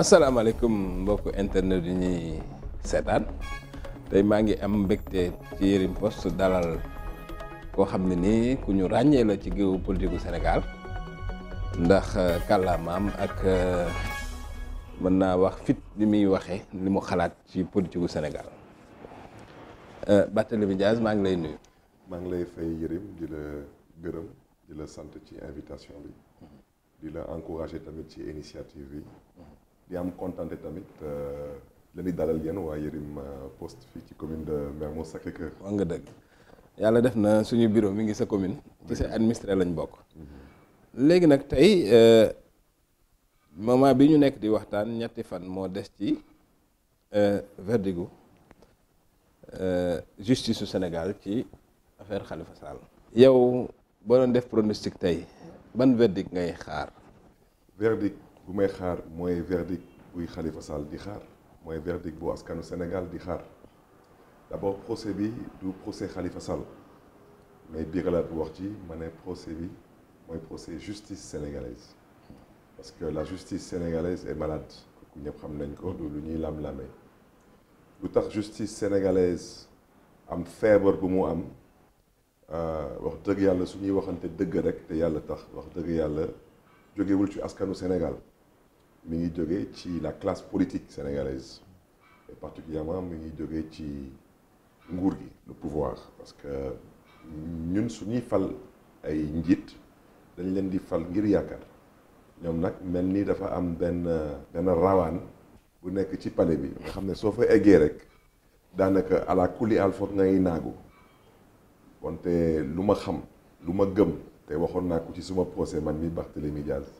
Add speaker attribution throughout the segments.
Speaker 1: asalaamaaleykum mbokk internet yi ñuy seetaan tey maa ngi am mbégte ci Yerim Post dalal koo xam ne nii ku ñu ràññee la ci géopolitique gu Sénégal ndax euh, kàllaamaam ak euh, mën naa wax fit li muy waxee li mu xalaat ci politique gu Sénégal
Speaker 2: euh, Barthélémy Dias maa ngi lay nuyu. maa ngi lay fay Yerim di la gërëm di la sant ci invitation bi di la encourager tamit ci initiative bi. di am kontante tamit euh, la di dalal yéen waa Yërim euh, Post fii ci commune de Mermoz Sacré-Cœur. wax nga dëgg
Speaker 1: yàlla def na suñu bureau mi ngi sa commune. ci sa administré lañ bokk. Mm-hmm. léegi nag tey euh, moment bi ñu nekk di waxtaan ñetti fan moo des ci verdigu justice su Sénégal ci affaire Khalifa Sall. yow boo doon def pronostic tey ban verdict ngay xaar.
Speaker 2: bu may xaar mooy verdict buy Khalifa Sall di xaar mooy verdict bu askanu Sénégal di xaar d'abord procès bi du procès Khalifa Sall mais biiralaat bu wax ci ma ne procès bi mooy procès justice sénégalaise parce que la justice sénégalaise est malade ku ñëpp xam nañ ko du lu ñuy lam-lamee lu tax justice sénégalaise am feebar bu mu am euh, wax dëgg yàlla su ñuy waxante dëgg rek te yàlla tax wax dëgg yàlla jógewul ci askanu Sénégal mi ngi ci la classe politique sénégalaise et particulièrement mi ngi jógee ci le pouvoir parce que ñun suñuy fal ay njit dañ leen di fal ngir yaakaar ñom nak melni dafa am ben benn rawan bu nekk ci palais bi nga xam ne soo fa eggee rek daanaka ala kulli al nga ngay nagu wante lu xam luma gëm te waxon na ko ci suma procès man mi Barthélémy Diaz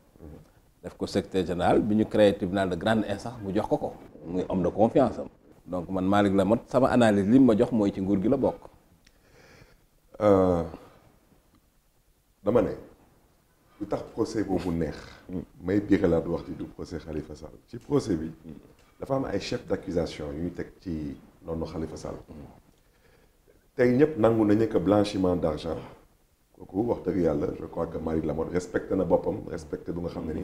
Speaker 1: def ko secteur général bi ñu créé tribunal de grande instance mu jox ko ko muy homme de confiance am donc man Malick Lamotte sama analyse li ma jox mooy ci
Speaker 2: nguur gi la bokk. Euh, dama ne lu tax procès boobu neex. may biiralaat wax ci du procès Khalifa Sall ci procès bi dafa am ay chef d'accusation yu ñu teg ci noonu Khalifa Sall. tey ñëpp nangu nañu que blanchiment d'argent kooku wax dëgg yàlla je crois que Malick Lamotte respecté na boppam respecté bu nga xam ne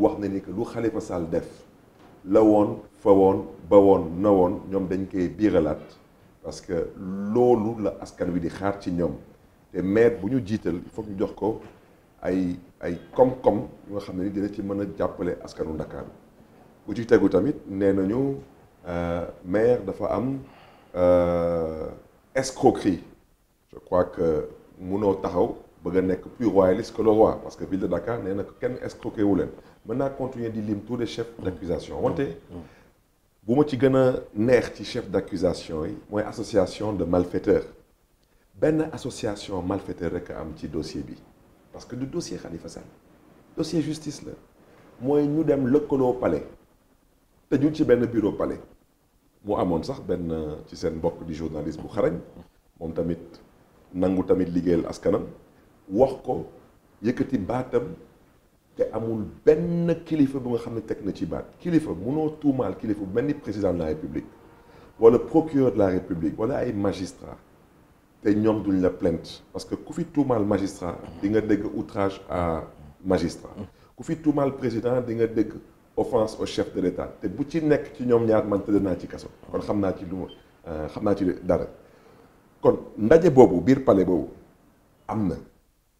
Speaker 2: wax na ni que lu Khalifa Sall def la woon fa woon ba woon na woon ñoom dañ koy biiralaat parce que loolu la askan wi di xaar ci ñoom te maire bu ñu jiital il faut ñu jox ko ay ay kom-kom yu nga xam ne ni dina ci mën a jàppale askanu Ndakaaru bu ci tegu tamit nee nañu euh, maire dafa am euh, escroquerie je crois que munoo taxaw bëgg nekk plus royaliste que le roi parce que ville de Dakar n'est na escroc escroqué wu leen mën naa continuer di lim tous les chefs mm. d'accusation. Vous wante mm. Mm. bu ma ci gën a neex chef d'accusation, accusation association de malfaiteurs Une association malfaiteurs a un petit dossier bi parce que le dossier Khalifa Sall dossier justice la mooy ñu dem au palais tëju ci benn bureau palais mu amoon sax ben ci seen mbokk di journaliste bu xarañ moom tamit nangu tamit liggéeyal askanam wax ko yëkkati baatam te amul ben kilifa bu nga xam tek na ci bat kilifa munoo mal kilifa bu président de la république wala procureur de la république wala ay magistrat te ñom duñ la plainte parce que ku fi mal magistrat di nga dégg outrage à magistrat ku fi mal président di nga dégg offense au chef de l'État te bu ci nekk ci ñom ñaar man tëdd naa ci kaso kon xam naa ci lu euh, xam ci dara kon ndaje bobu bir palais bobu amna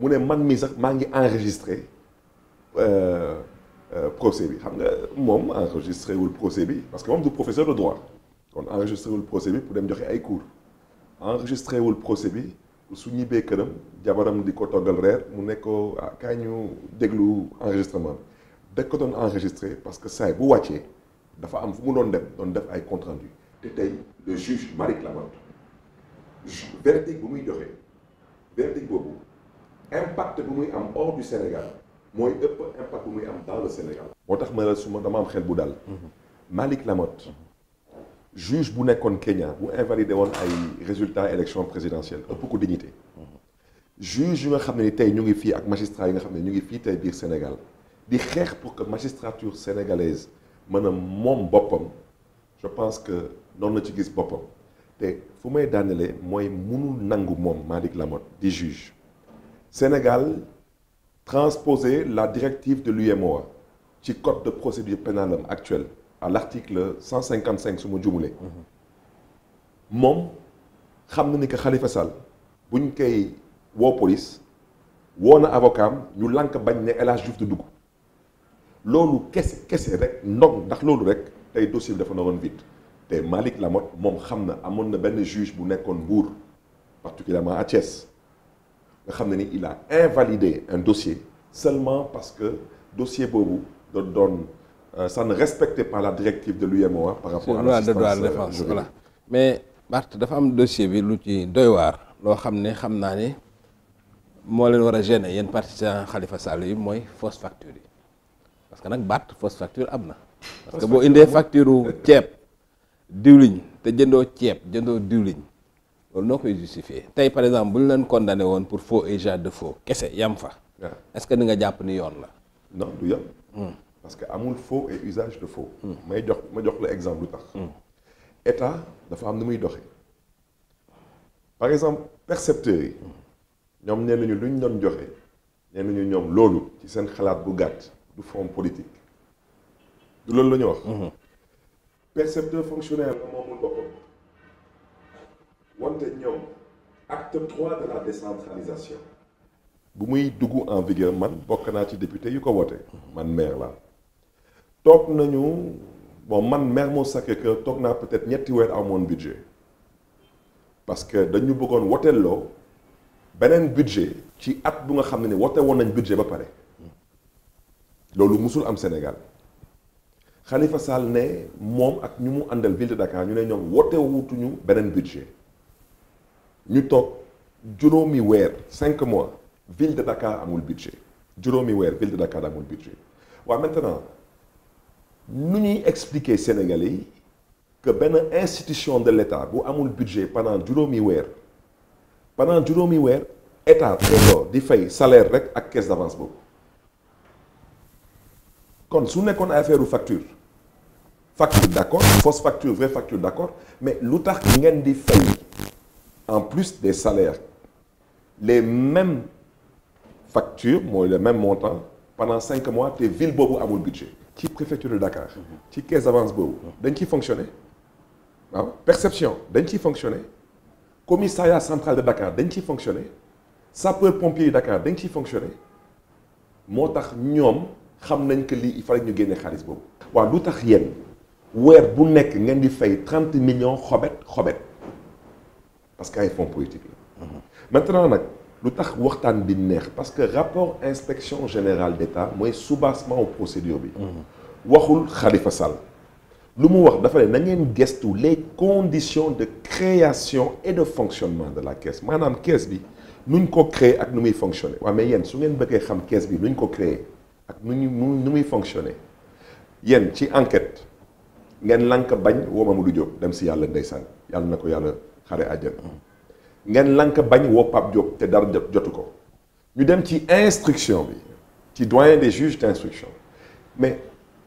Speaker 2: mu ne man mii sax maa ngi enregistré euh, euh, procès bi xam nga moom enregistré wul procès bi parce que moom du professeur de droit kon enregistré wul procès bi pour dem joxe ay cours enregistré wul procès bi su ñibbee këram jabaram di ko toggal reer mu ne ko ah kaay ñu déglu enregistrement bi ko doon enregistré parce que saay bu wàccee dafa am fu mu doon dem doon def ay compte rendu te tey le juge Marie Clément verdict bu muy joxe verdict boobu impact bu muy am hors du Sénégal moy ëpp impact bu muy am dans le Sénégal. motax ma la suma dama am xel bu dal. Malick Lamotte. juge bu nekkoon Kenya bu invalidé won ay résultats élection présidentielle ëpp ko dignité. juge yu nga xamné tay ñu ngi fi ak magistrat yi nga xamné ñu ngi fi tay biir Sénégal di xex pour que magistrature sénégalaise mëna mom bopam je pense que non la ci gis bopam té fu may daanelee mooy nangou nangu moom Malick Lamotte di juge. Sénégal transposé la directive de l'UMOA ci code de procédure pénale actuel, actuelle à l'article 155 su ma jumulee moom xam na ni que Khalifa Sall buñ koy woo police woo na avocat ñu lànk bañ ne El Hadj Diouf du dugg loolu kese kese rek ndog ndax loolu rek tey dossier bi dafa naroon vite te malik Lamotte moom xam na amoon na juge bu nekkoon Mbour particulièrement à Thiès il a invalidé un dossier seulement parce que le dossier euh, ça ne respectait pas la directive de l'UMOA par rapport à l'assistance euh, défense. voilà
Speaker 1: mais dossier bi lu ci doy il gêner Khalifa Sall yi fausse facture parce que nak fausse facture parce que bo facture diwliñ pour ne justifier par exemple si on leen pour faux et jade de faux qu'est-ce que c'est est-ce que tu
Speaker 2: avons ni non du qu'il hmm. parce que faux et usage de faux. Je hmm. jox ma jox exemple hmm. par exemple percepteur. Nous forme politique. du ce que nous avons. percepteur fonctionnaire wante ñoom acte 3 de la décentralisation bu muy dugg en vigueur man bokk naa ci député yu ko wote man maire la toog nañu bon man maire moo Sacré-Cœur toog n'a peut-être ñetti weer amoon budget parce que dañu bëggoon woteelloo beneen budget ci at bu nga xam ne ni nañ budget ba pare loolu musul am Sénégal Khalifa Sall ne mom ak ñu mu àndal ville de Dakar ñu ne ñoom wote wutuñu beneen budget nous sommes juróomi 5 mois ville de Dakar le budget juróomi ville de Dakar le budget Maintenant, maintenant nous ñuy expliquer Sénégalais que une institution de l'État bu le budget pendant juróomi mois, pendant juróomi mois, l'État a di fay salaire rek la caisse d'avance Si kon su pas affaire facture facture d'accord fausse facture vraie facture d'accord mais lu tax ngeen di en plus des salaires, les mêmes factures, les mêmes montants, pendant 5 mois villes ville à mon budget. La préfecture de Dakar. ci caisse d'avance bobo? dañ qui fonctionner perception dañ qui fonctionner commissariat central de Dakar qui ciy fonctionner sapeur pompier de Dakar dañ qui fonctionner moo tax xam nañ que il fallait ñu nous gagnions boobu. waaw lu tax yéen Où bu 30 ngeen di millions de xobet parce que ay politique mhm. maintenant nag lu tax waxtaan neex parce que rapport inspection générale d'État mooy soubassement au procédure bi. Mhm. waxul Khalifa Sall. lu mu wax dafa ne na ngeen les conditions de création et de fonctionnement de la caisse maanaam caisse bi nuñ ko créer ak nu muy fonctionner Wa mais yéen su ngeen bëggee xam caisse bi nuñ ko créer ak nu nu muy fonctionner yéen ci enquête ngeen lank bañ woo Mamadou Diop dem si yàlla ndeysaan yàlla nako ko xare àjjana ngeen lank bañ woo Pape Diop te dara jotu ko ñu dem ci instruction bi ci doyen des juges d'instruction mais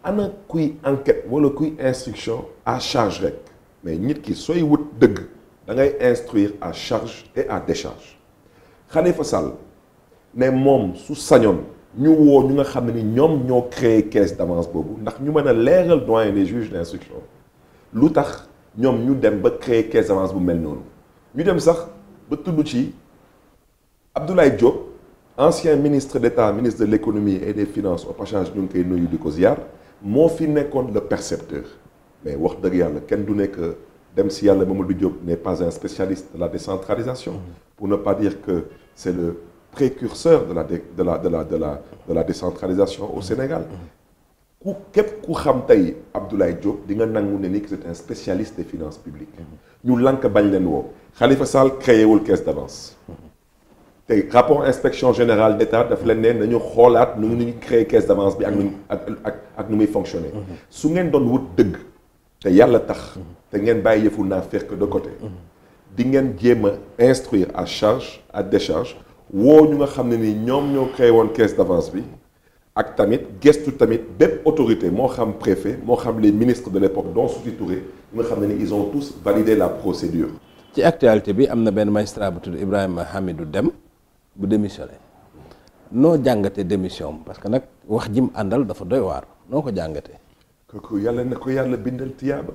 Speaker 2: ana kuy enquête wala kuy instruction à charge rek mais nit ki sooy wut dëgg da ngay instruire à charge et à décharge Khalifa Sall ne moom su sañoon ñu woo ñu nga xam ne ni ñoom ñoo créé caisse d'avance boobu ndax ñu mën a leeral doyen des juges d'instruction lu tax nous ñu dem ba créer caisse d'avance bu mel noonu ñu dem sax ba ci Abdoulaye Diop ancien ministre d'État ministre de l'économie et des finances au passage ñu ngi koy nuyu di ko ziar fi nekkoon le percepteur mais wax dëgg yàlla kenn du nekk dem si yàlla Mamadou Diop n'est pas un spécialiste de la décentralisation pour ne pas dire que c'est le précurseur de la décentralisation au Sénégal ku képp ku xam tey Abdoulaye Diop di nga nangu ne ni c'est un spécialiste des finances publiques ñu lank bañ leen woo Khalifa Sal créé wul caisse d'avance tey rapport inspection générale d'État daf leen ne nañu xoolaat nu ñu créé caisse d'avance bi ak nu ak ak ak nu muy fonctionner su ngeen doon wut dëgg te yàlla tax te ngeen bàyyi yëfu naa de côté di ngeen jéem instruire à charge à décharge woo ñu nga xam ne ni ñoom ñoo créé woon caisse d'avance bi ak tamit gestu tamit bépp autorité moo xam préfet moo xam les ministres de l'époque dont Souti Touré nga xam ils ont tous validé la procédure ci actualité bi am na benn
Speaker 1: magistrat Ibrahim Hamidou Dem bu démissionné noo jàngate démission
Speaker 2: parce que nag wax jim àndal dafa doy waar noo ko jàngate kooku yàlla na ko yàlla bindal tiyaaba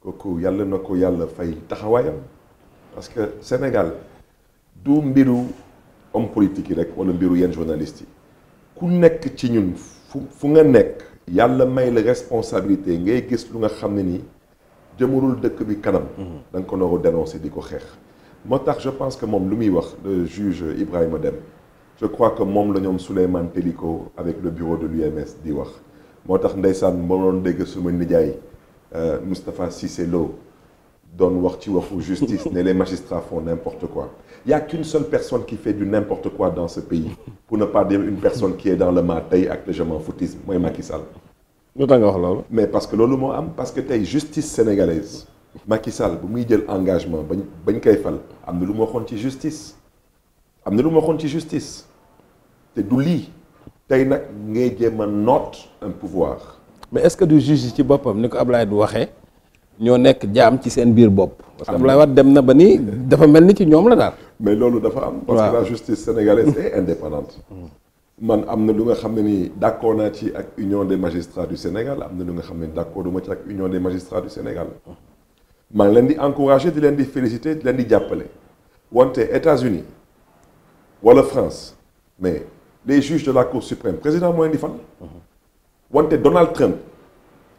Speaker 2: kooku yàlla na ko yàlla fay taxawayam parce que Sénégal du mbiru homme politique rek wala mbiru yenn journalistes yi ku tignon, ci ñun fu nga nek yalla may la responsabilité ngay gis lu nga xam ni jëmarul dëkk bi kanam mhm. da nga ko nooru dénoncer diko xex motax je pense que mom lu mi wax le juge Ibrahim Dème je crois que mom la ñom Souleyman Teliko avec le bureau de l'UMS di wax motax ndaysan mo moo doon dégg suma nijaay euh, Moustapha Cissé Lo Don wax ci justice mais les magistrats font n'importe quoi il y a qu'une seule personne qui fait du n'importe quoi dans ce pays pour ne pas dire une personne qui est dans le mat avec le jeune m'en foutisme mooy Macky Sall mais parce que loolu moo am parce que tey justice sénégalaise Macky Sall bu muy jël engagement bañ bañ koy fal am na lu l'engagement, ci justice am na lu ci justice te du lii tey nag ngay un pouvoir mais est-ce que du juge ci boppam ni ko
Speaker 1: Ablaye ñoo nek jaam ci sen biir bop parce que Abdoulaye dem na ba ni dafa melni
Speaker 2: ci ñom la dal mais lolu dafa am. parce que la justice sénégalaise est indépendante. man amna lu nga xamné ni ci ak union des magistrats du Sénégal amna lu nga xamné ne duma ci ak union des magistrats du Sénégal. Man ngi leen di encourager di leen di féliciter di leen di jàppale. wante États-Unis wala France mais les juges de la Cour suprême président moy leen fan. wante Donald Trump.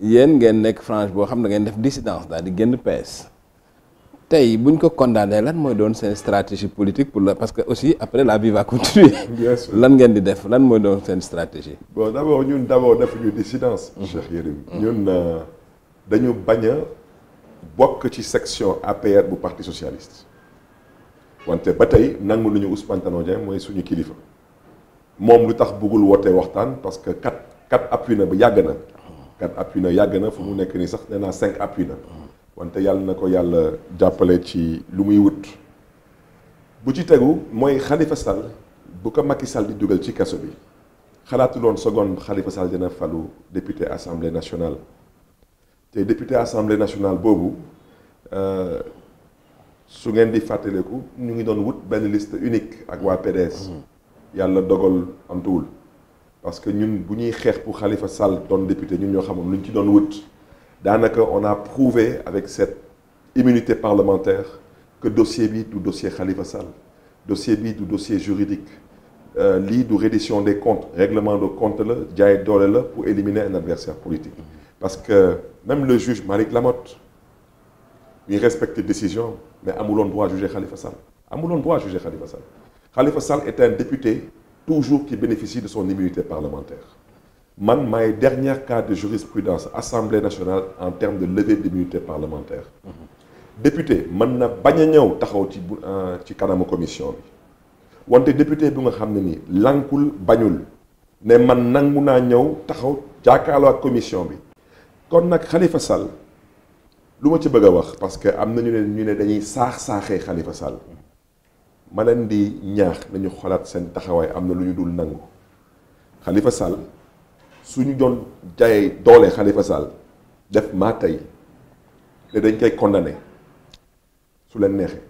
Speaker 1: yéen ngeen nekk frange boo xam ne ngeen def dissidence daal di génn PS tey buñ ko condamné lan mooy doon seen stratégie politique pour la parce que aussi après la vie va continuer. bien sûr lan ngeen di def lan mooy doon seen stratégie.
Speaker 2: bon d' abord ñun d' abord defuñu dissidence. Mm-hmm. Cheikh Yérim ñun euh, dañu bañ a bokk ci section APR bu parti socialiste wante ba tey nangu nañu Ousmane Tanor Dieng mooy suñu kilifa moom lu tax bugul woote waxtaan parce que kat kat appui na ba yàgg na quatre appuis na yàgg na fu mu sax nee naa cinq appui na wante yàlla na ko yàlla jàppale ci lu muy wut bu ci tegu moy Khalifa Sall bu ko Macky Sall di dugal ci kasso bi xalaatuloon seconde Khalifa Sall dina falu député assemblée nationale té député assemblée nationale euh su ngeen di fàttaliku ñu ngi don wut ben liste unique ak wa PDS hum. yàlla dogal Antoul parce que nous, sommes ñuy pour Khalifa Sall ton député ñun ñoo ci on a prouvé avec cette immunité parlementaire que dossier bi ou dossier Khalifa Sall dossier bi ou dossier juridique euh, lit du reddition des comptes règlement de compte le, jaay le pour éliminer un adversaire politique parce que même le juge Malik Lamotte il respecte les décisions, mais Amoulon droit juger Khalifa Sall Amoulon droit juger Khalifa Sall Khalifa Sall est un député toujours qui bénéficie de son immunité parlementaire. Man, ma dernière cas de jurisprudence Assemblée nationale en termes de levée d'immunité parlementaire. Mhm. Député, man ne bañ pas taxaw ci euh, ci commission bi wante député bi nga xam lankul bañul ne man nangu naa ñëw taxaw jàkkaarloo ak commission bi. kon nak Khalifa Sall luma ci bëgg wax parce que am na ñu ne ñu ne dañuy sax Khalifa Sall. Malandé di ñaax nañu xalaat sen taxawaay amna na lu ñu dul nangu Khalifa Sall suñu doon jaye doole Khalifa Sall def matay. tey te dañ koy condamné su leen neexee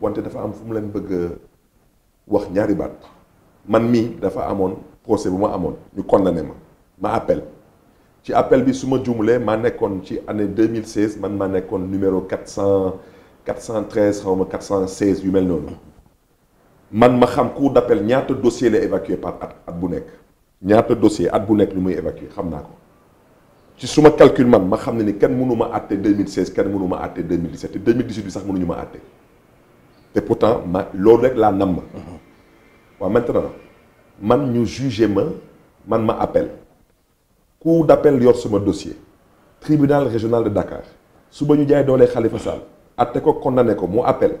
Speaker 2: wante dafa am fu mu leen bëgg wax ñaari baat man mi dafa amone procès buma amone ñu condamné ma ma appel ci appel bi su ma juumulee ci année 2016 man ma nekkoon numéro 400 413 xaw 416 yu mel man ma xam cour d'appel ñaata dossier la évacué par at at bu nekk ñaata dossier at bu nekk lu muy évacué xam naa ko ci suma calcul man ma xam ne ni kenn mënu ma 2016 kenn mënu ma 2017 te 2018 bi sax mënuñu ma àtte te pourtant ma loolu rek laa nam waaw maintenant man ñu jugé ma man ma appel cour d'appel yor suma dossier tribunal régional de Dakar suba ñu jaay doolee Khalifa Sall àtte ko condamné ko mu appel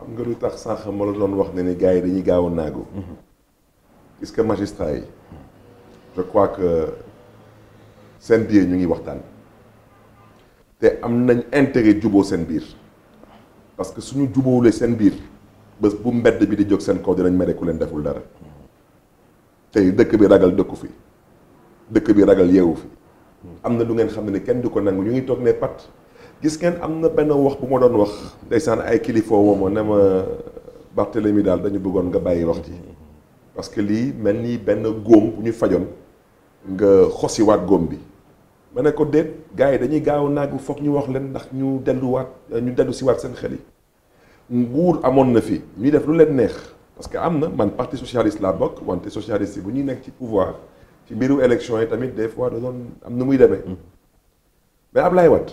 Speaker 2: xam nga lu tax sànq ma la doon wax ne ni gars yi dañuy gaaw a naagu. gis nga magistrat je crois que seen biir ñu ngi waxtaan. te am nañ intérêt juboo seen biir. parce que suñu jubóowulee seen biir bés bu mbedd bi di jóg seen kaw dinañ mere ku leen deful dara. tey dëkk bi ragal dëkku fi. dëkk bi ragal yeewu fi. am na lu ngeen xam ne kenn du ko nangu ñu ngi toog ne pat. gis ngeen am na benn wax bu ma doon wax ndeysaan ay kilifa woo ma ne ma Barthélemy daal dañu bëggoon nga bàyyi wax ci parce que lii mel nii benn góom bu ñu fajoon nga xosiwaat góom bi ma ne ko déet gaa yi dañuy gaaw naagu foog ñu wax leen ndax ñu delluwaat ñu dellu siwaat seen xel yi nguur amoon na fi ñuy def lu leen neex parce que am na man parti socialiste laa bokk wante socialiste yi bu ñuy nekk ci pouvoir ci mbiru élection yi tamit des fois da doon am na muy demee mm. mais Ablaye Wade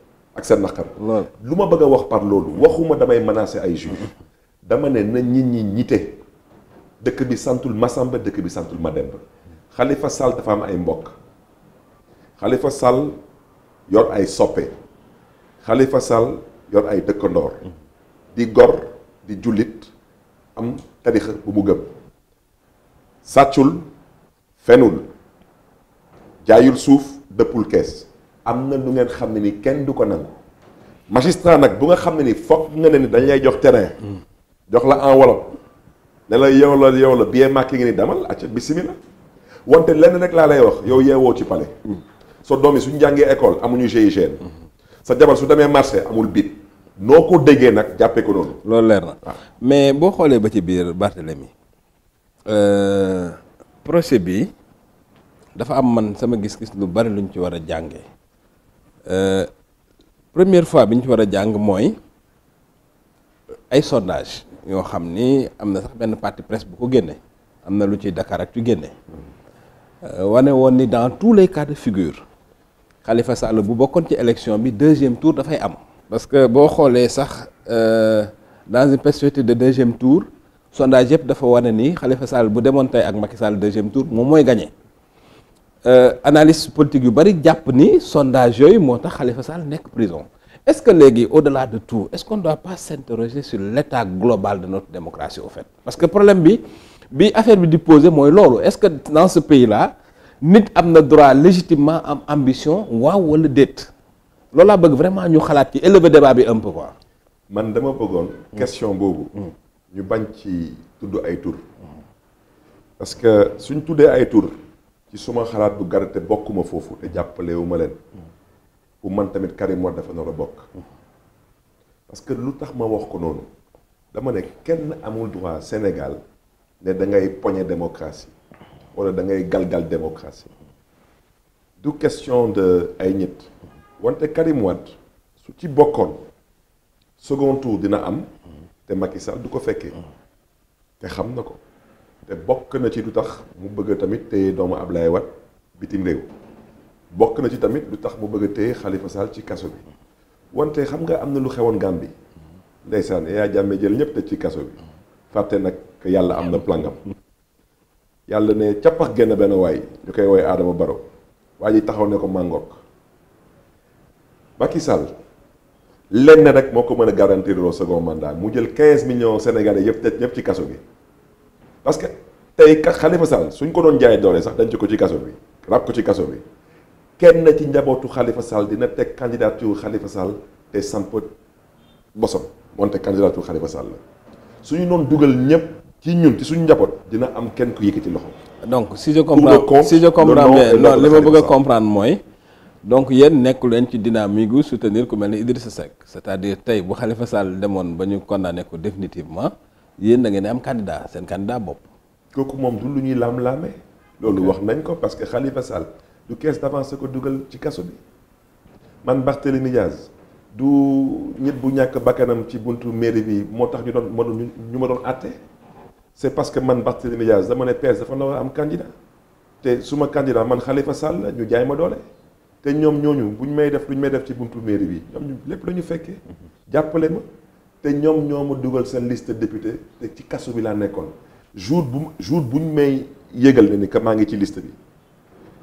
Speaker 2: ak seen naqar lu ma bëgg a wax par loolu waxuma damay menacer ay juge dama ne na nit ñi ñite dëkk bi santul Masamba dëkk bi santul ma Mademba xalifa Sall dafa am ay mbokk xalifa Sall yor ay soppe xalifa Sall yor ay dëkkandoor di gor di jullit am tarixa bu mu gëm sàccul fenul jaayul suuf dëppul kees am na lu ngeen xam ne ni kenn du ko nangu magistrat nag bu nga xam ne ni foog nga leen ni dañ lay jox terrain jox la enveloppe ne la yow la yow la bien nga ni demal acca bismillah wante lenn rek laa lay wax yow yeewoo ci palais soo doom yi suñ jàngee école amuñu GIGN sa jabar su demee marché amul bit noo ko déggee nag jàppee noonu loolu leer na mais boo xoolee ba ci
Speaker 1: biir Barthélemy euh, procès bi dafa am man sama gis-gis lu bari luñ ci war a jàngee Euh, première fois bi ñu ci war a ay sondage yoo xamni amna sax ben parti presse bu ko génne amna lu ci Dakar ak ci génne euh, wané won ni dans tous les cas de figure Khalifa Sall bu bokon ci élection bi deuxième tour fay am. parce que bo xolé sax euh, dans une perspective de deuxième tour sondage yëpp dafa wane ni Khalifa Sall bu demoon tey ak Macky Sall deuxième tour moom moy gagné. Euh, analyste politique yu bari japp ni sondage yooyu moo Khalifa Sall prison est-ce que légui au-delà de tout est-ce qu'on ne doit pas s'interroger sur l'état global de notre démocratie au fait parce que problème bi bi affaire bi di poser moy lolu est-ce que dans ce pays-là nit avons le droit légitimement am ambition wa wala déet loolu vraiment ñu xalaat
Speaker 2: ci élever débat bi un peu quoi. man dama question bobu mm. ñu bañ ci tuddu ay tour parce que suñ tuddee ay tour, ci suma xalaat du garate bokkuma foofu te jàppalewu ma leen bu man tamit Karim dafa nar bokk parce que lu tax ma wax ko noonu dama ne kenn amul droit Sénégal ne da ngay poñe démocratie wala da ngay galgal démocratie du question de ay nit wante Karim su ci bokkoon second tour dina am te Macky Sall du ko fekkee te xam na ko te bokk na ci lu tax mu bëgg tamit téye doomu Ablaye Wade bitim réew bokk na ci tamit lu tax mu bëgg a xalifa Khalifa ci kaso bi wante xam nga am na lu xewoon Gambie ndeysaan yaa jàmme jël ñëpp te ci kaso bi fàtte nag yàlla am na plangam yàlla ne cappax genn benn waay ñu koy woy Adama Barrow waa ji taxaw ne ko màngook Macky Sall lenn rek moo ko mën a garantir loo second mandat mu jël 15 millions sénégalais yëpp te ñëpp ci kaso bi parce que tey Khalifa Sall suñ ko doon jaay doole sax dañ ci ko ci kaso bi rab ko ci kaso bi kenn ci njabootu Khalifa Sall dina teg candidature xalifa Sall te samp bosam moonte candidature Khalifa Sall la suñu noon dugal ñëpp ci ñun ci suñu njaboot dina am kenn ku yëkkati loxo. donc si je comprends si je comprends li ma bëgg
Speaker 1: a mooy. donc yéen nekk leen ci dynamique gu soutenir ku mel ni Idrissa Seck c'est-à-dire tey bu xalifa Sall demoon ba ñu condamné ko définitivement. yéen da ngeen am
Speaker 2: candidat seen candidat bopp. kooku moom du lu ñuy laam-laame. loolu wax nañ ko parce que Khalifa du caisse d'avance ko dugal ci kaso bi man Barthélémy Diaz du nit bu ñàkk bakkanam ci buntu mairie bi moo tax ñu doon ma doon ñu ma doon àtte c'est parce que man Barthélémy Diaz dama ne PS dafa na am candidat te suma candidat man xalifa Sall la ñu jaay ma doole te ñoom ñooñu bu ñu may def lu ñu may def ci buntu mairie bi ñoom lépp la ñu fekkee jàppale ma. te ñoom ñoo ma dugal liste député té ci kasso bi la nekkoon jour bu jour bu may yégal né ni que ngi ci liste bi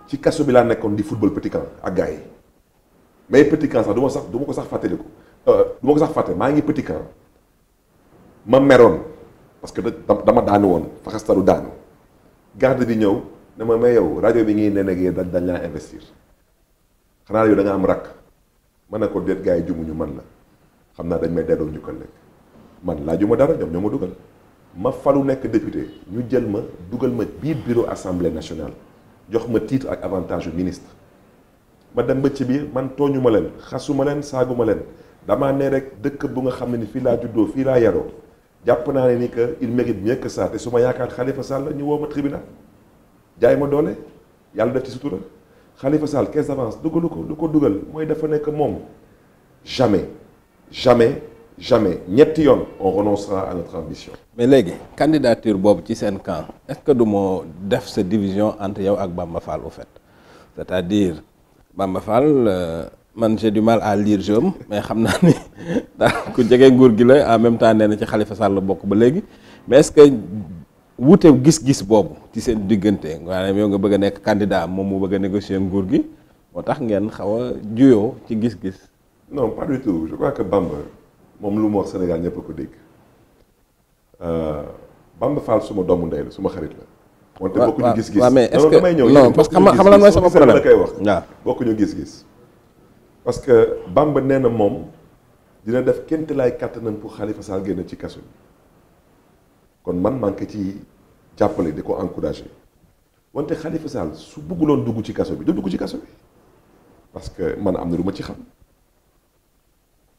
Speaker 2: ci kasso bi la nekkoon di football petit camp ak gaay mais petit camp sax duma sax duma ko sax fàttaliku euh duma ko sax faté ma ngi petit camp ma meroon parce que dama daanu woon faxastaru daanu garde bi ñew ne ma may yow radio bi ngi nenegee dañ la investir xana yow da nga am rak mané ko dét gaay jumu ñu man la xam dañ may delloo njukkal rek man laajuma dara ñom ñoo duggal ma falu nek député ñu jël ma duggal ma biir bureau assemblée nationale jox ma titre ak avantage ministre ma dem ba ci biir man toñuma ma leen xasuma leen saaguma leen damaa ne rek dëkk bu nga xamni fi ni fii laa juddoo fii laa yaroo jàpp naa ne ni que il mérite mieux que ça te su yaakaar Khalifa Sall ñu woo tribunal jaay ma doole yalla def ci sutura Khalifa Sall kess avance dugalu ko lu ko dafa nek mom jamais jamais jamais ñetti on renoncera à notre ambition. mais léegi
Speaker 1: candidature Bob ci est-ce que du moo def cette division entre yow ak Bamba Fall au fait c'est-à-dire Bamba Fall euh, man j'ai du mal à lire jom mais je sais que daal ku jege nguur en même temps nee na ci Khalifa Sall bokk mais est-ce que wuute gis-gis boobu ci seen diggante maanaam yow nga bëgg nekk candidat vous mu bëgg a négocier nguur gi moo tax ngeen xaw ci gis-gis.
Speaker 2: non pas du tout je crois que moom lu ma wax Sénégal ñëpp a ko dégg euh, Bamba Fall suma doomu ndey la suma xarit la. wante bokkuñu gis-gis waaw mais est-ce que non parce que xam nga lan mooy sama problème la koy wax waaw bokkuñu gis-gis. parce que Bamba nee na moom dina def kéemte laay kàttanam pour xalifa Sall génn ci kaso bi kon man maa ngi ci jàppale di ko encouragé wante Khalifa Sall su bëgguloon dugg ci kaso bi du dugg ci kaso bi parce que a am na lu ma ci xam.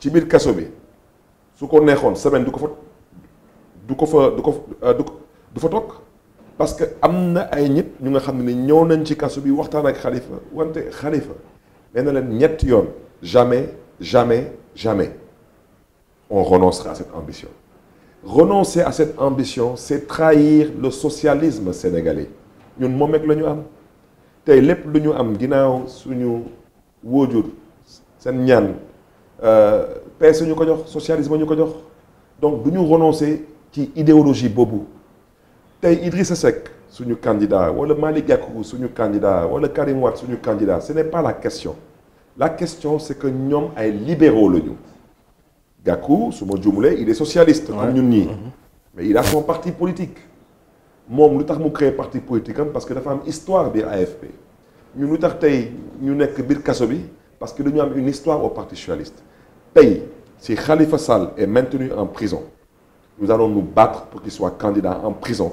Speaker 2: ci biir kaso bi semaine parce que amna ay nit ñu nga xam nañ ci kasso bi waxtaan ak Khalifa, jamais jamais jamais on renoncera à cette ambition renoncer à cette ambition c'est trahir le socialisme sénégalais ñun momek am tay lepp am nous suñu fait, ñaan euh, PS nous jox socialisme ñu jox donc nous renoncer ci idéologie bobu Tay Idrissa Seck suñu candidat wala Malik Gakou suñu candidat wala Karim Wade suñu candidat ce n'est pas la question la question c'est que nous sommes libéraux Gakou su il est socialiste comme ñun mm-hmm. mais il a son parti politique Nous avons créé un parti politique parce que avons une histoire de l'AFP. Nous, avons créé un ñu parce que nous avons une histoire au parti socialiste Paye, si Khalifa Sall est maintenu en prison, nous allons nous battre pour qu'il soit candidat en prison,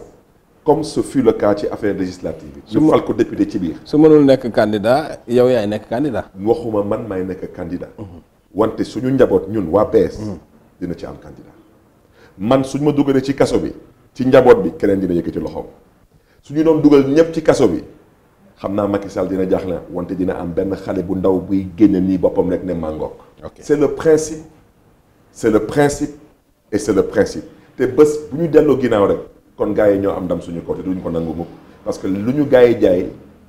Speaker 2: comme ce fut le cas ci affaire législative bi. su fal député ci biir. su mënul candidat yow yaay candidat. waxuma man maay nek candidat. Mhm. wante suñu njaboot ñun waa PS. Mhm. dina am candidat. man suñu ma dugalee ci kaso bi ci njaboot bi keneen dina yëkkati loxoom suñu doon dugal ñëpp ci kasso bi xamna naa Macky Sall dina jaaxle wante dina am ben xalé bu ndaw buy génne ni boppam rek ne Okay. C'est le principe. C'est le principe et c'est le principe. te bés bu ñu delloo ginnaaw rek kon gaay ñoo am ndam suñu côté duñ ko nangu parce que luñu gaay jaay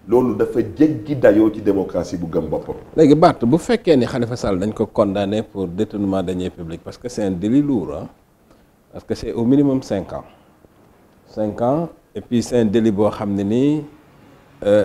Speaker 2: lolu dafa jéggi dayo ci démocratie bu gëm bopam. Légui Bart bu
Speaker 1: fekkee ni Khalifa Sall dañ ko condamné pour détournement de deniers public parce que c'est un délit lourd hein parce que c'est au minimum 5 ans 5 ans et puis c'est un délit boo xam ne euh,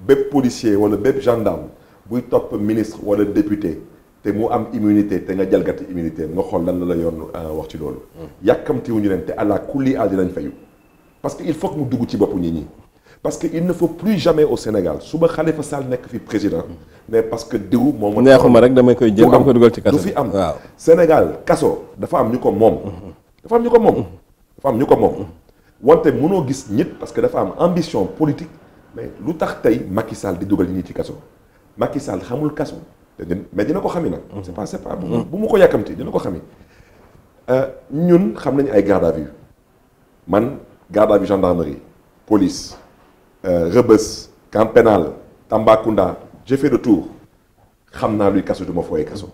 Speaker 2: bep policier wala bep gendarme buy top ministre wala député té mo am immunité té nga jalgati immunité nga xol lan la la euh, wax ci loolu. Hmm. yàkkamtiwuñu leen te allah kulli aal dinañ fayu. parce que il faut que mu dugg ci bop nit ñi. parce que il ne faut plus jamais au Sénégal suba Khalifa Sall nek fi président. Hmm. mais parce que diw moom. neexuma rek damay koy jël dama ko duggal ci kaso du fi am Sénégal kasso dafa am ñuko mom hmm. dafa am ñuko mom dafa am ñuko mom moom. wante mëno gis ñitt parce que dafa am ambition politique mais lu tax tey Macky Sall di dougal ni ci kasso Macky Sall xamul kasso mais dina ko xami nak mm-hmm. c'est pas c'est pas bu mu mm-hmm. ko yakamti dina ko xami euh, ñun xam nañu ay garde à vue man garde à vue gendarmerie police euh, rebeus camp pénal Tambacounda j'ai fait le tour xam naa luy kasso du ma kasso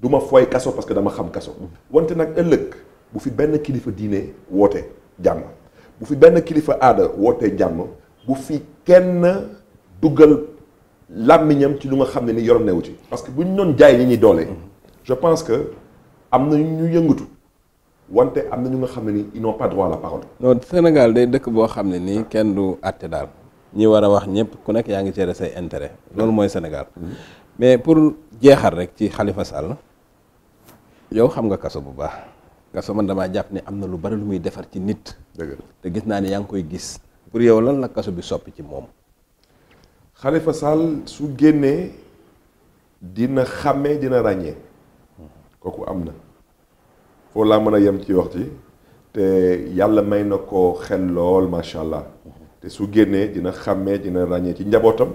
Speaker 2: duma mm-hmm. du ma parce que dama xam kasso wante nak ëllëg bu fi ben kilifa diiné woté jamm bu fi ben kilifa aada woté jamm bu fi. kenn duggal làmmiñam ci lu nga xam ne ni yorom newu ci parce que bu ñu doon jaay ni ñuy doole mhm. je pense que am na ñu yëngatu wante am na ñu nga xam ne ni ils n'ont pas
Speaker 1: Sénégal day dëkk boo xam ne nii kenn du àtte daal ñi war a wax ñëpp ku nekk yaa ngi gérer say intérêt loolu mooy Sénégal mhm. mais pour jeexal rek ci xalifa Sall yow xam nga kaso bu baax kaso man damaa jàpp ne am na lu bari lu muy defar ci nit te gis naa ne yaa ngi koy gis pour yow lan la kasso bi soppi ci mom
Speaker 2: Khalifa Sall su génnee dina xamé dina ragné kooku amna. na foo mëna mën a yem ci wax ci te yalla may na ko xel ma sha allah te su génnee dina xamé dina ragné ci njabootam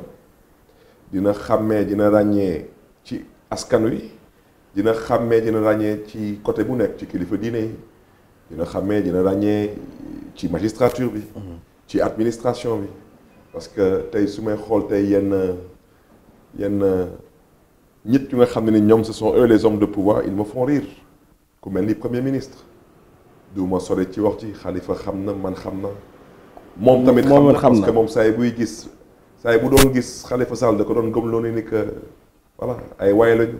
Speaker 2: dina xamé dina ragné ci askan wi dina xamé dina ragné ci côté bu nek ci kilifa diine dina xamé dina ragné ci magistrature bi mm-hmm ci administration bi parce que tay su may tay yenn yenn nit yu nga xam ce sont eux les hommes de pouvoir ils me font rire ku les premiers premier ministre du ma sore ci wax ci Khalifa xamna man xamna mom tamit xam parce que mom say buy gis say bu doon gis Khalifa Sall da ko doon gëmloo ni que voilà ay waay lañu.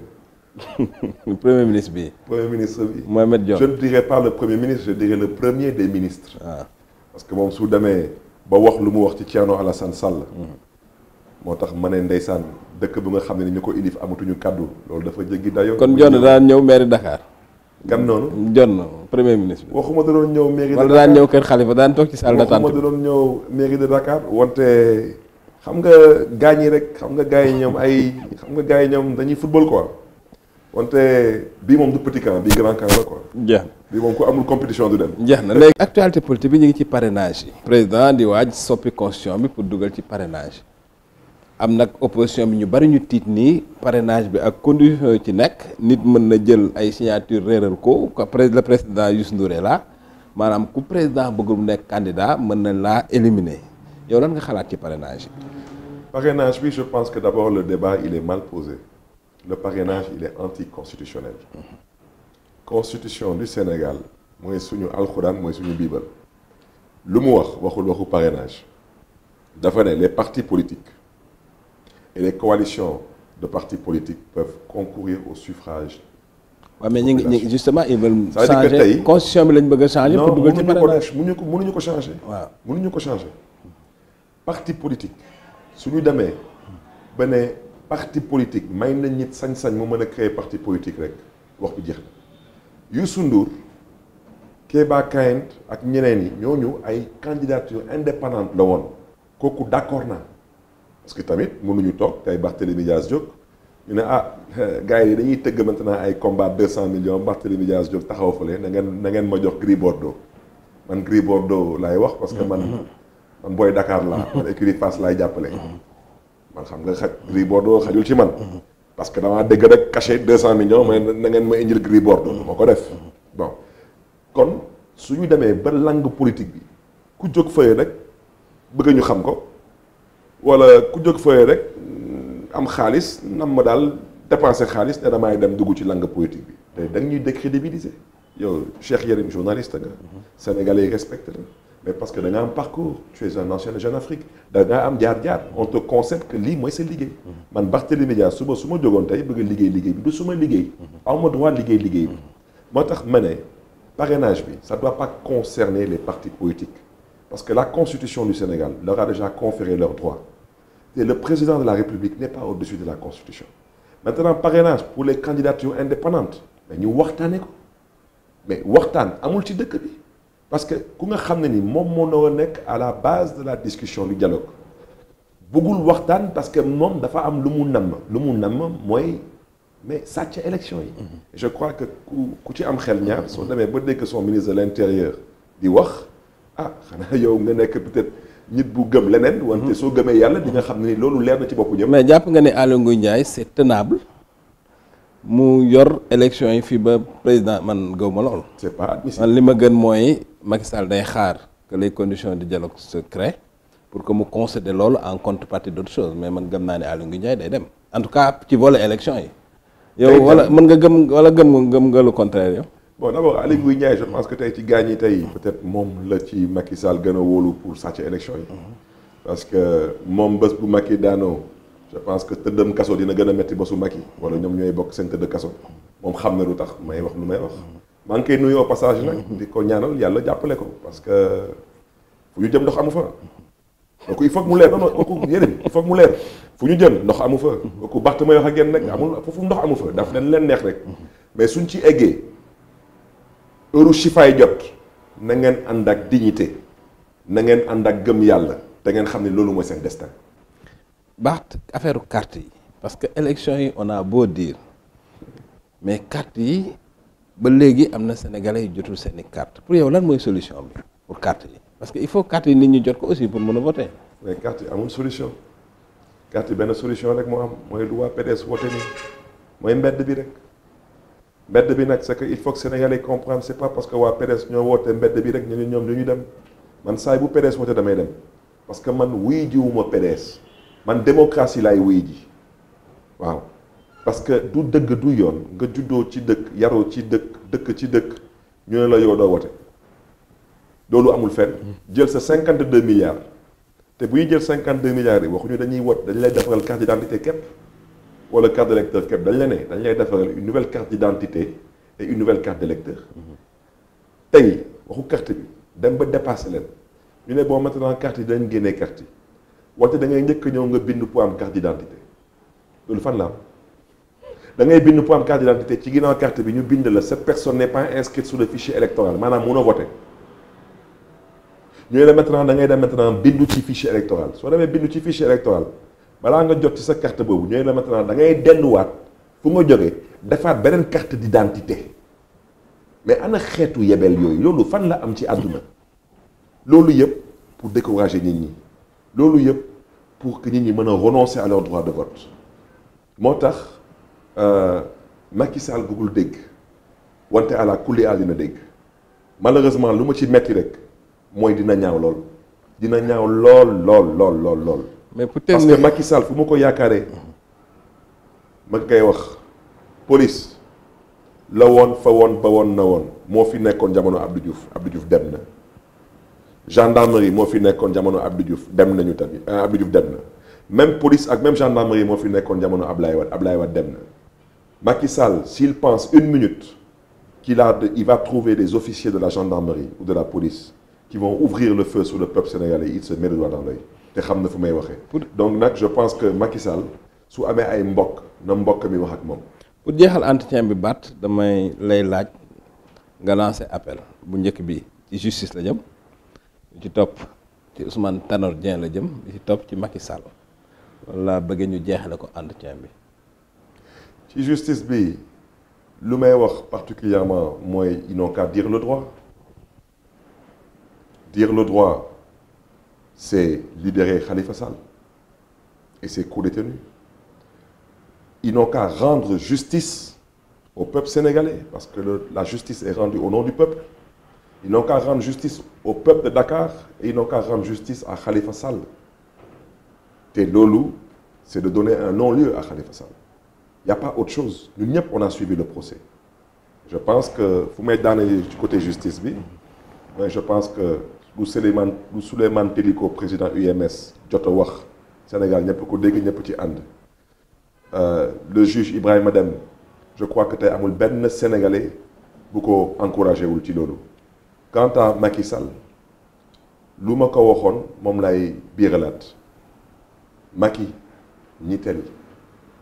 Speaker 2: premier ministre bi. premier ministre bi. Mohamed Diop je ne dirais pas le premier ministre je dirais le premier des ministres. Ah. parce que moom su demee ba wax lu mu wax ci Thierno Alassane Sall. moo tax ma ne ndeysaan dëkk bu nga xam ne ñu ko ilif amatuñu kàddu loolu dafa jéggi dayo kon jon daan ñëw mairie Dakar. kan noonu John premier ministre. waxuma da doon ñëw mairie de Dakar wala daan ñëw kër
Speaker 1: Khalifa daan toog ci salle d'attente waxuma
Speaker 2: da doon ñëw mairie de Dakar wante xam nga gaañ yi rek xam nga gars yi ñoom ay xam nga gars yi ñoom dañuy football quoi wante bii moom du petit camp bii grand camp la quoi. jeex bi moom ku amul compétition du dem. na léegi actualité
Speaker 1: politique bi ñu ngi ci parrainage yi. président di waaj soppi constitution bi pour dugal ci parrainage am nag opposition bi ñu bari ñu tiit nii parrainage bi ak condition yi ci nekk nit mën na jël ay signature réeral ko après le président Youssou Ndouré la maanaam ku président
Speaker 2: bëggul mu nekk candidat mën na laa éliminer yow lan nga xalaat ci parrainage yi. parrainage je pense que d'abord le débat il est mal posé le parrainage il est anticonstitutionnel. Mm-hmm constitution du Sénégal mooy suñu alxuraan mooy suñu Bible. Ce mu wax waxul waxu parrainage dafa les partis politiques et les coalitions de partis politiques peuvent concourir au suffrage. mais justement ils veulent. changer
Speaker 1: constitution bi lañ bëgg changer. pour dugal parrainage
Speaker 2: non mënuñu ko mënuñu ko changer. waaw mënuñu ko changer. parti politique suñu demee ba ne parti politique may nañ nit sañ-sañ mu mën a créer parti politique rek wax bi Youssou Ndour, Keba Kaint ak ñeneen yi ñooñu ay candidature indépendante la woon kooku d' accord na parce que tamit mënuñu toog tey Barthélémy Dias Diop ñu ne ah gars yi dañuy tëgg maintenant ay combat 200 millions Barthélémy Dias Diop taxaw fa na ngeen na ngeen ma jox gris bordeaux man gris bordeaux lay wax parce que man man boy dakar la man écurie face lay jàppale man xam nga xaj gris bordeaux xajul ci man parce que damaa dégg rek cachet 200 millions mais na ngeen ma indil Gris Bordeaux mm-hmm. ma ko def bon kon su ñu demee ba langue politique bi ku jóg fëye rek bëgg ñu xam ko wala ku jóg fëye rek mm, am xaalis nam ma daal dépenser xaalis ne damay dem dugg ci langue politique bi te da nga ñuy décrédibiliser yow Cheikh Yérim journaliste nga mm-hmm. sénégalais yi la mais parce que tu un parcours tu es un ancien de Jeune Afrique Tu as am jaar on te concède que lui, moi, c'est liggéey man Barthélémy Dias suba su ma jógoon tey bëgg a liggéey de bi du suma liggéey aw ma droit liggéey liggéey bi moo tax ma parrainage bi ça doit pas concerner les partis politiques parce que la constitution du Sénégal leur a déjà conféré leurs droits et le président de la République n'est pas au-dessus de la constitution maintenant parrainage pour les candidatures indépendantes mais nous, waxtaane mais waxtaan amul ci de parce que ku nga xam ne ni moom moo noo nekk à la base de la discussion du dialogue bëggul waxtaan parce que moom dafa am lu mu namm lu mu namm mooy mais sàcc élection yi mm-hmm. je crois que ku ku ci am xel ñaar mm-hmm. soo demee ba dégg son ministre de l'intérieur di wax ah xanaa yow nga nekk peut-être nit bu gëm leneen mm-hmm. wante soo gëmee yàlla di nga xam ne ni loolu
Speaker 1: leer na ci boppu ñëpp mais jàpp nga ne Aly Ngouille Ndiaye c'est tenable mu yor élection yi fii ba président man gëw ma loolu c'est pas admissible man li ma gën mooy Macky Sall day xaar que les conditions de dialogue se créent pour que mu concéder loolu en contrepartie d'autres choses mais man gëm naa ne Aliou Ndiaye day dem en tout cas ci volet élection yi. yow wala man nga gëm wala
Speaker 2: gëm gëm nga le contraire yow. bon d'abord Aliou Ndiaye je pense que tay ci gaañ tay peut-être mom la ci Macky Sall gën a wóolu pour sàcc élection yi. Mhm. parce que mom bëss bu Macky Dano je pense que tëddam kasso dina gëna metti métti bésu Macky wala ñom ñoy bok seen tëdd kaso moom xam na may wax lu may wax. Mhm. maa ngi koy nuyoo passage nag. Mm-hmm. di ko ñaanal yàlla jàppale ko parce que fu ñu jëm ndox amu fa. donc il faut mu leer non non kooku yéen il faut mu leer fu ñu jëm ndox amu fa. Mm-hmm. kooku baxte may wax ak yéen nag mm-hmm. amul foofu ndox amu fa daf leen leen neex rek. mais suñ ci eggee heure chifaay jot na ngeen ànd ak dignité na ngeen ànd ak gëm yàlla te ngeen xam ne loolu mooy seen destin.
Speaker 1: baax affaire carte yi. parce que élection yi on a boo dire mais carte yi. ba léegi am sénégalais yu jotul seen carte pour yow lan mooy solution pour
Speaker 2: carte parce que il faut carte yi nit ñi jot ko aussi pour mon voter mais carte yi solution carte ben benn solution rek moo am mooy lu PDS voter. nii mooy mbedd bi rek mbedd bi nag c'est que il faut que sénégalais comprendre c'est pas parce que waa PDS ñoo woote mbedd bi rek ñu ñoom ñu dem man saay bu PDS woote damay dem parce que man wuy jiwuma PDS man démocratie là, oui ji waaw parce que du deug du yoon nga juddoo ci dëkk yaro ci dëkk deuk ci deuk ñu ne la yow doo wote loolu amul fenn jël sa 52 milliards te bu ñuy jël 52 milliards yi waxuñu dañuy wot dañ lay defaral carte d'identité képp wala carte d'électeur képp dañ la né dañ lay defaral une nouvelle carte d'identité et une nouvelle carte d'électeur tey waxu carte bi dem ba dépasser leen ñu ne boo maintenant carte yi dañ génnee carte yi wante da ngay njëkk ñëw nga bindu pour am carte d'identité loolu fan la da ngay une carte d'identité avez carte cette personne n'est pas inscrite sur le fichier électoral maintenant maintenant maintenant fichier électoral fichier électoral carte maintenant une carte d'identité mais ana yebel avez fan la am pour décourager les ñi pour que les gens renoncent à leur droit de vote euh, Macky Sall bëggul dégg wante ala kulli àll dina dégg malheureusement luma ci metti rek moy dina ñaaw lool dina ñaaw lool lool lool lool lool.
Speaker 1: mais peut-être parce que Macky
Speaker 2: Sall fu ma ko yaakaaree ma wax police la faone, fa woon ba woon na woon moo fi nekkoon jamono Abdou Diouf Abdou Diouf dem na gendarmerie mo fi nekkoon jamono Abdou Diouf dem nañu tamit euh, Abdou Diouf dem na même police ak même gendarmerie mo fi nekkoon jamono Ablaye wad Ablaye wad dem na. Macky Sall, s'il pense une minute qu'il il va trouver des officiers de la gendarmerie ou de la police qui vont ouvrir le feu sur le peuple sénégalais, il se met le doigt dans l'œil. Donc, je pense que Macky Sall, a un ay mbokk na mbokk mi wax ak pour jeexal entretien bi baat
Speaker 1: damay lay laaj nga un appel bu njëkk bi ci justice la jëm ci top, ci Ousmane Tanor Dieng la jëm ci top, ci Macky Sall walla
Speaker 2: bëggee ñu jeexale ko entretien si justice B, le particulièrement moi, ils n'ont qu'à dire le droit dire le droit c'est libérer Khalifa Sall et ses co-détenus ils n'ont qu'à rendre justice au peuple sénégalais parce que la justice est rendue au nom du peuple ils n'ont qu'à rendre justice au peuple de Dakar et ils n'ont qu'à rendre justice à Khalifa Sall te c'est de donner un non-lieu à Khalifa Sall il n'y a pas autre chose. Nous, tous, on a suivi le procès. Je pense que, vous mettez dans le côté justice, oui, mais je pense que nous Souleymane Teliko, président UMS, Djotawak, Sénégal, nous avons des petits Andes. Le juge Ibrahim Adem, je crois que tu as un Sénégalais beaucoup encouragé wul ci quant à Macky Sall lu ma ko waxoon moom lay Macky ñi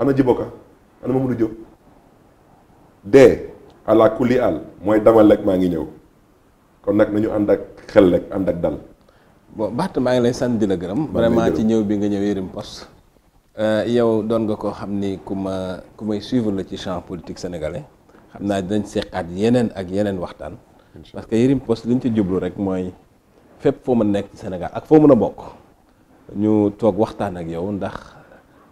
Speaker 2: ana jiboka ana Mamadou Diop de àla kulli àll mooy damal rek maa ngi ñëw kon nag nañu ànd ak xel rek ànd ak dal
Speaker 1: boo Barth maa ngi lay sant di la gërëm vraiment ci ñëw bi nga ñëw Yerim Post euh, yow doon nga koo xam ni ku ma ku may suivre la ci champ politique sénégalais xam naa dinañ seqaat yeneen ak yeneen waxtaan parce que Yerim Post li ñu ci jublu rek mooy fépp foo mën nekk ci Sénégal ak foo mën a bokk ñu toog waxtaan ak yow ndax